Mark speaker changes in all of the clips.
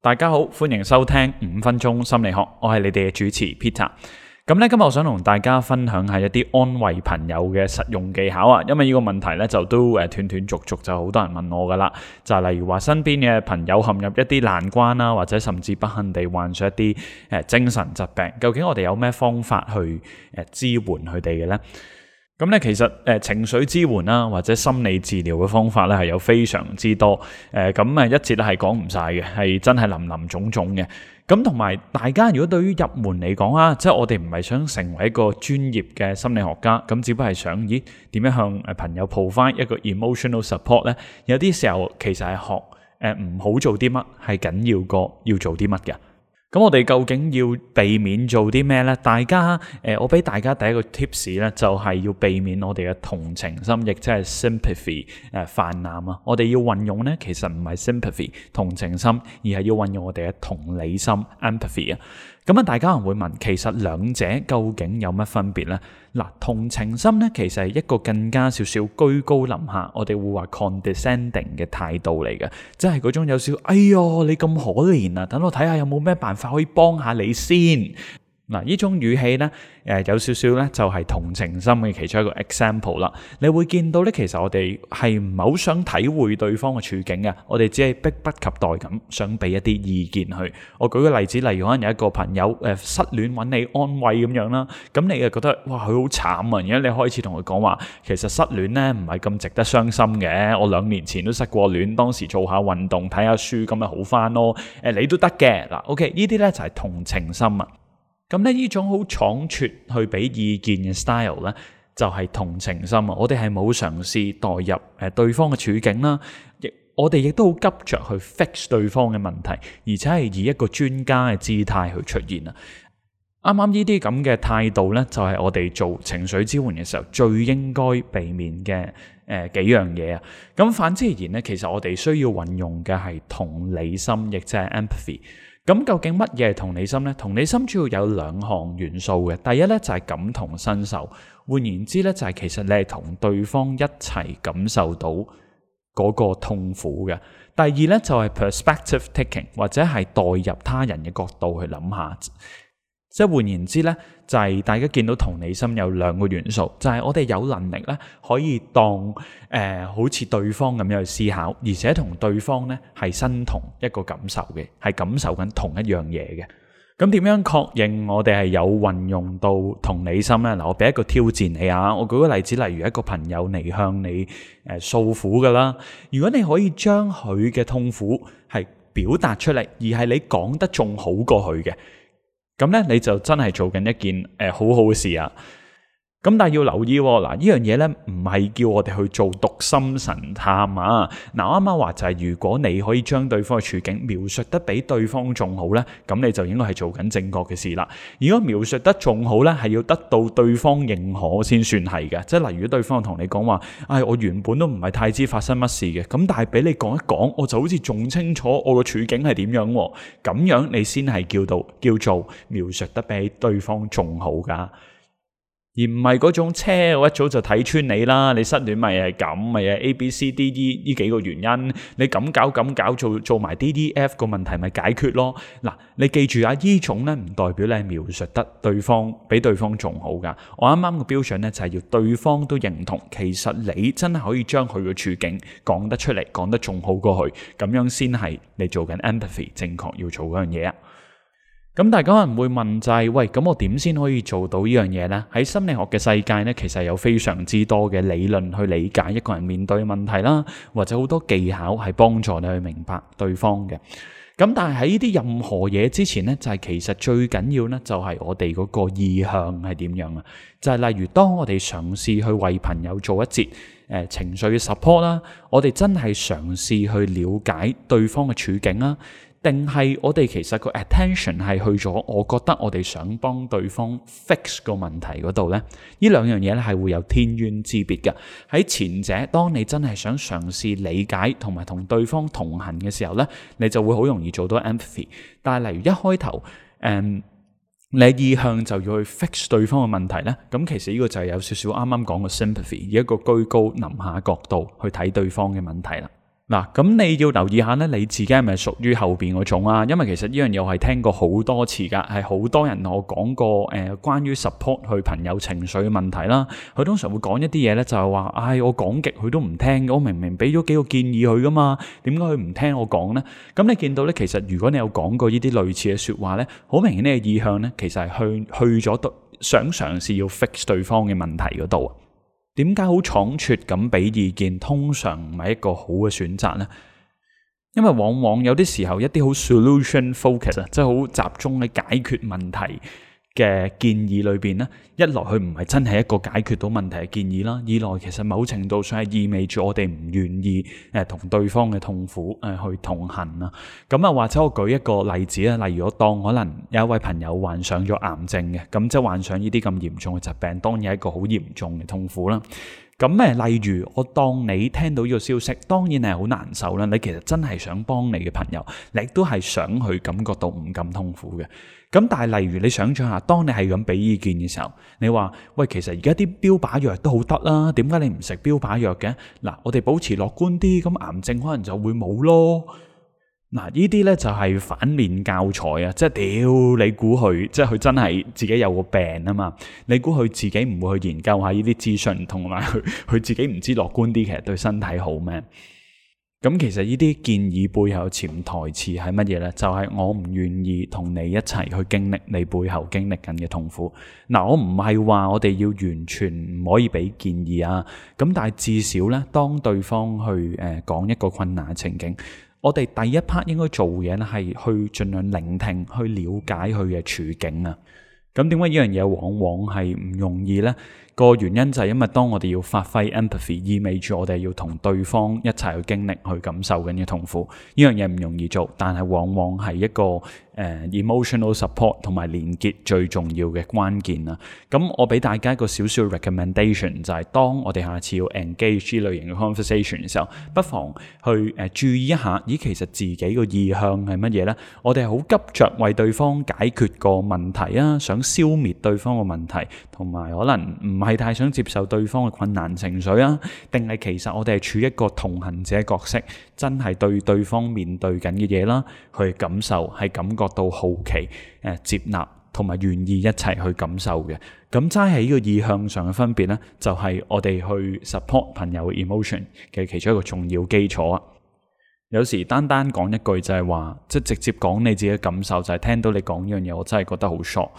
Speaker 1: 大家好，歡迎收聽五分鐘心理學，我係你哋嘅主持 Peter。咁咧，今日我想同大家分享下一啲安慰朋友嘅實用技巧啊。因為呢個問題咧，就都誒斷斷續續就好多人問我噶啦。就係例如話身邊嘅朋友陷入一啲難關啦，或者甚至不幸地患上一啲誒精神疾病，究竟我哋有咩方法去誒支援佢哋嘅咧？咁咧，其實誒情緒支援啦，或者心理治療嘅方法咧，係有非常之多誒，咁、呃、啊一節係講唔晒嘅，係真係林林總總嘅。咁同埋大家如果對於入門嚟講啊，即係我哋唔係想成為一個專業嘅心理學家，咁只不過係想咦點樣向誒朋友 provide 一個 emotional support 咧？有啲時候其實係學誒呃、唔好做啲乜，係緊要過要做啲乜嘅。咁我哋究竟要避免做啲咩咧？大家誒、呃，我俾大家第一個 tips 咧，就係、是、要避免我哋嘅同情心，亦即係 sympathy 誒泛濫啊。我哋要運用咧，其實唔係 sympathy 同情心，而係要運用我哋嘅同理心 empathy 啊。咁啊！大家可能會問，其實兩者究竟有乜分別呢？嗱，同情心咧，其實係一個更加少少居高臨下，我哋會話 condescending 嘅態度嚟嘅，即係嗰種有少哎唷，你咁可憐啊，等我睇下有冇咩辦法可以幫下你先。嗱，呢種語氣咧，誒、呃，有少少咧就係、是、同情心嘅其中一個 example 啦。你會見到咧，其實我哋係唔係好想體會對方嘅處境嘅，我哋只係迫不及待咁想俾一啲意見去。我舉個例子，例如可能有一個朋友誒、呃、失戀搵你安慰咁樣啦，咁你又覺得哇佢好慘啊，而家你開始同佢講話，其實失戀咧唔係咁值得傷心嘅，我兩年前都失過戀，當時做下運動睇下書咁咪好翻咯。誒、呃，你都得嘅，嗱，OK，呢啲咧就係、是、同情心啊。咁呢種好倉促去俾意見嘅 style 呢，就係同情心啊！我哋係冇嘗試代入誒對方嘅處境啦，亦我哋亦都好急着去 fix 對方嘅問題，而且係以一個專家嘅姿態去出現啊！啱啱呢啲咁嘅態度呢，就係我哋做情緒支援嘅時候最應該避免嘅誒幾樣嘢啊！咁反之而言呢，其實我哋需要運用嘅係同理心，亦即係 empathy。咁究竟乜嘢係同理心呢？同理心主要有兩項元素嘅。第一呢，就係感同身受，換言之呢，就係其實你係同對方一齊感受到嗰個痛苦嘅。第二呢，就係 perspective taking，或者係代入他人嘅角度去諗下。即係換言之咧，就係、是、大家見到同理心有兩個元素，就係、是、我哋有能力咧，可以當誒、呃，好似對方咁樣去思考，而且同對方咧係身同一個感受嘅，係感受緊同一樣嘢嘅。咁點樣確認我哋係有運用到同理心咧？嗱，我俾一個挑戰你啊！我舉個例子，例如一個朋友嚟向你誒訴、呃、苦噶啦，如果你可以將佢嘅痛苦係表達出嚟，而係你講得仲好過佢嘅。咁咧，你就真係做緊一件誒、呃、好好嘅事啊！咁但係要留意，哦，嗱呢樣嘢咧，唔係叫我哋去做讀心神探啊！嗱，啊，我啱啱話就係，如果你可以將對方嘅處境描述得比對方仲好咧，咁你就應該係做緊正確嘅事啦。如果描述得仲好咧，係要得到對方認可先算係嘅。即係例如，如對方同你講話，唉，哎，我原本都唔係太知發生乜事嘅，咁但係俾你講一講，我就好似仲清楚我嘅處境係點樣。咁樣你先係叫做叫做描述得比對方仲好噶。而唔係嗰種車，我一早就睇穿你啦。你失戀咪係咁，咪係 A、B、C、D、E 呢幾個原因。你咁搞咁搞，做做埋 D、D、F 個問題咪解決咯？嗱，你記住啊，呢種咧，唔代表你係描述得對方比對方仲好噶。我啱啱個標準咧就係要對方都認同，其實你真係可以將佢個處境講得出嚟，講得仲好過佢。咁樣先係你做緊 empathy 正確要做嗰樣嘢。咁大家可能會問就係、是、喂，咁我點先可以做到呢樣嘢呢？喺心理學嘅世界呢，其實有非常之多嘅理論去理解一個人面對嘅問題啦，或者好多技巧係幫助你去明白對方嘅。咁但係喺呢啲任何嘢之前呢，就係、是、其實最緊要呢，就係我哋嗰個意向係點樣啊？就係例如當我哋嘗試去為朋友做一節誒、呃、情緒嘅 support 啦，我哋真係嘗試去了解對方嘅處境啊。定係我哋其實個 attention 係去咗，我覺得我哋想幫對方 fix 個問題嗰度呢？呢兩樣嘢咧係會有天淵之別嘅。喺前者，當你真係想嘗試理解同埋同對方同行嘅時候呢，你就會好容易做到 empathy。但係例如一開頭，誒、嗯、你意向就要去 fix 對方嘅問題呢，咁其實呢個就係有少少啱啱講嘅 sympathy，以一個居高臨下角度去睇對方嘅問題啦。嗱，咁你要留意下咧，你自己係咪屬於後邊嗰種啊？因為其實依樣嘢我係聽過好多次噶，係好多人同我講過誒、呃，關於 support 佢朋友情緒嘅問題啦。佢通常會講一啲嘢咧，就係話，唉，我講極佢都唔聽嘅，我明明俾咗幾個建議佢噶嘛，點解佢唔聽我講呢？咁你見到咧，其實如果你有講過呢啲類似嘅説話咧，好明顯呢個意向咧，其實係去去咗對想嘗試要 fix 對方嘅問題嗰度。點解好倉促咁俾意見，通常唔係一個好嘅選擇呢？因為往往有啲時候，一啲好 solution focus 啊，即係好集中喺解決問題。嘅建議裏邊咧，一來佢唔係真係一個解決到問題嘅建議啦，二來其實某程度上係意味住我哋唔願意誒同對方嘅痛苦誒去同行啦。咁啊，或者我舉一個例子啦，例如我當可能有一位朋友患上咗癌症嘅，咁即係患上呢啲咁嚴重嘅疾病，當然係一個好嚴重嘅痛苦啦。咁咩？例如我當你聽到呢個消息，當然係好難受啦。你其實真係想幫你嘅朋友，你亦都係想去感覺到唔咁痛苦嘅。咁但係例如你想象下，當你係咁俾意見嘅時候，你話喂，其實而家啲標靶藥都好得啦，點解你唔食標靶藥嘅？嗱，我哋保持樂觀啲，咁癌症可能就會冇咯。嗱，呢啲咧就係反面教材啊！即係屌你估佢，即係佢真係自己有個病啊嘛？你估佢自己唔會去研究下呢啲資訊同埋佢佢自己唔知樂觀啲，其實對身體好咩？咁其實呢啲建議背後潛台詞係乜嘢呢？就係、是、我唔願意同你一齊去經歷你背後經歷緊嘅痛苦。嗱，我唔係話我哋要完全唔可以俾建議啊。咁但係至少呢，當對方去誒講、呃、一個困難嘅情景。我哋第一 part 應該做嘢，係去盡量聆聽，去了解佢嘅處境啊。咁點解呢樣嘢往往係唔容易咧？個原因就係因為當我哋要發揮 empathy，意味住我哋要同對方一齊去經歷、去感受緊嘅痛苦。呢樣嘢唔容易做，但係往往係一個誒、uh, emotional support 同埋連結最重要嘅關鍵啦。咁我俾大家一個少少 recommendation，就係當我哋下次要 engage 呢類型嘅 conversation 嘅時候，不妨去誒、uh, 注意一下，咦，其實自己個意向係乜嘢呢？我哋好急着為對方解決個問題啊，想消滅對方嘅問題，同埋可能唔係。係太想接受對方嘅困難情緒啊，定係其實我哋係處一個同行者角色，真係對對方面對緊嘅嘢啦，去感受，係感覺到好奇、誒接納同埋願意一齊去感受嘅。咁齋喺呢個意向上嘅分別呢，就係、是、我哋去 support 朋友 emotion 嘅其中一個重要基礎啊。有時單單講一句就係話，即、就是、直接講你自己嘅感受，就係、是、聽到你講呢樣嘢，我真係覺得好 short。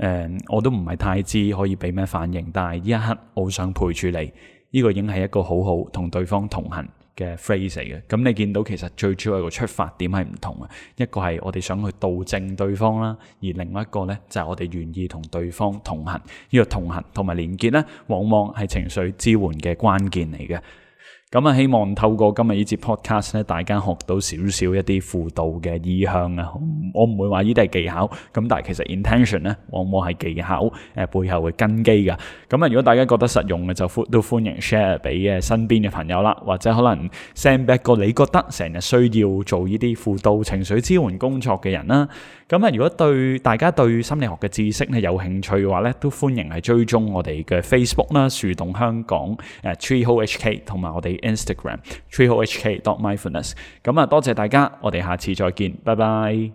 Speaker 1: 誒、嗯，我都唔係太知可以俾咩反應，但係呢一刻我想陪住你，依、這個已經係一個好好同對方同行嘅 phrase 嚟嘅。咁、嗯、你見到其實最主要一個出發點係唔同啊，一個係我哋想去導正對方啦，而另外一個呢就係、是、我哋願意同對方同行。呢、這個同行同埋連結呢，往往係情緒支援嘅關鍵嚟嘅。咁、嗯、啊，希望透過今日呢節 podcast 咧，大家學到少少一啲輔導嘅意向啊。我唔會話呢啲係技巧咁，但係其實 intention 咧，往往係技巧誒、呃、背後嘅根基噶。咁、嗯、啊，如果大家覺得實用嘅，就歡都歡迎 share 俾嘅身邊嘅朋友啦，或者可能 send back 個你覺得成日需要做呢啲輔導情緒支援工作嘅人啦。咁、嗯、啊，如果對大家對心理學嘅知識咧有興趣嘅話咧，都歡迎係追蹤我哋嘅 Facebook 啦，樹洞香港誒、啊、Treehole HK 同埋我哋 Instagram Treehole HK dot mindfulness。咁、嗯、啊，多謝大家，我哋下次再見，拜拜。